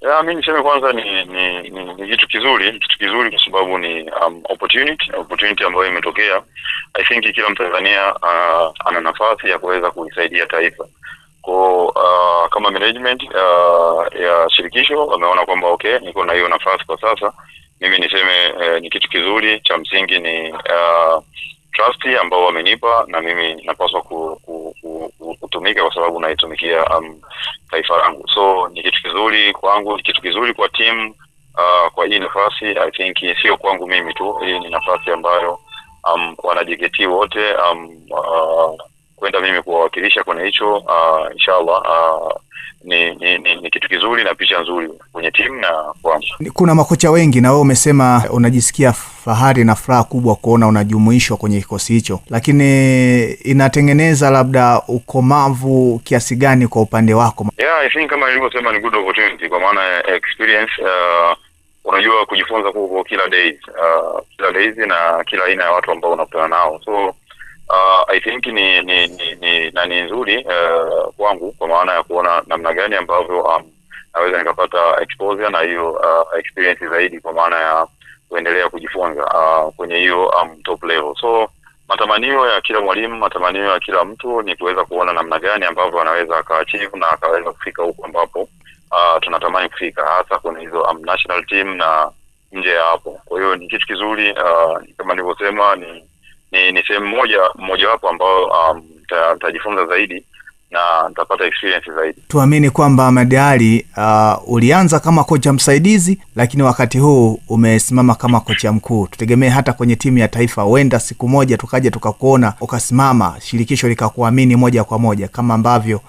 Ya, ah, mi niseme kwanza ni ni, ni ni kitu kizuri, kitu kizuri kwa sababu ni um, opportunity opportunity ambayo imetokea. I think kila Mtanzania uh, ana nafasi ya kuweza kuisaidia taifa kwa uh, kama management uh, ya shirikisho wameona kwamba okay, niko na hiyo nafasi kwa sasa. Mimi niseme uh, ni kitu kizuri cha msingi ni uh, trust ambao wamenipa na mimi napaswa ku, kuitumika kwa sababu naitumikia um, taifa langu, so ni kitu kizuri kwangu, ni kitu kizuri kwa timu uh, kwa hii nafasi I think sio kwangu mimi tu, hii ni nafasi ambayo um, wanajiketi wote um, uh, kwenda mimi kuwawakilisha kwenye hicho uh, inshallah uh, ni, ni, ni, ni kitu kizuri na picha nzuri kwenye timu na kwanza Kuna makocha wengi, na wewe umesema unajisikia fahari na furaha kubwa kuona unajumuishwa kwenye kikosi hicho, lakini inatengeneza labda ukomavu kiasi gani kwa upande wako? Yeah, I think kama ilivyosema ni good opportunity kwa maana experience uh, unajua kujifunza kuko kila days uh, kila days na kila aina ya watu ambao unakutana nao so Uh, I think ni ni ni, ni, na ni nzuri uh, kwangu kwa maana ya kuona namna gani ambavyo um, naweza nikapata exposure na hiyo uh, experience zaidi kwa maana ya kuendelea kujifunza uh, kwenye hiyo um, top level so matamanio ya kila mwalimu matamanio ya kila mtu ni kuweza kuona namna gani ambavyo anaweza akaachivu na akaweza kufika huko ambapo uh, tunatamani kufika hasa kwenye hizo um, national team na nje ya hapo kwa hiyo ni kitu kizuri uh, kama nilivyosema ni ni, ni sehemu moja mmojawapo ambayo um, nitajifunza zaidi na nitapata experience zaidi. Tuamini kwamba Ahmed uh, ulianza kama kocha msaidizi, lakini wakati huu umesimama kama kocha mkuu. Tutegemee hata kwenye timu ya taifa, huenda siku moja tukaja tukakuona ukasimama, shirikisho likakuamini moja kwa moja, kama ambavyo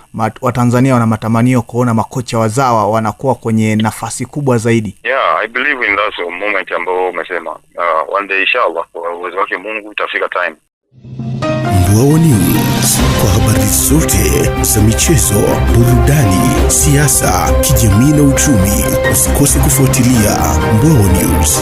Watanzania wana matamanio kuona makocha wazawa wanakuwa kwenye nafasi kubwa zaidi. Yeah, I believe in that moment ambao umesema, uh, one day inshallah, kwa uwezo wake Mungu itafika time Plus kwa habari zote za michezo, burudani, siasa, kijamii na uchumi. Usikose kufuatilia Mbwawa News.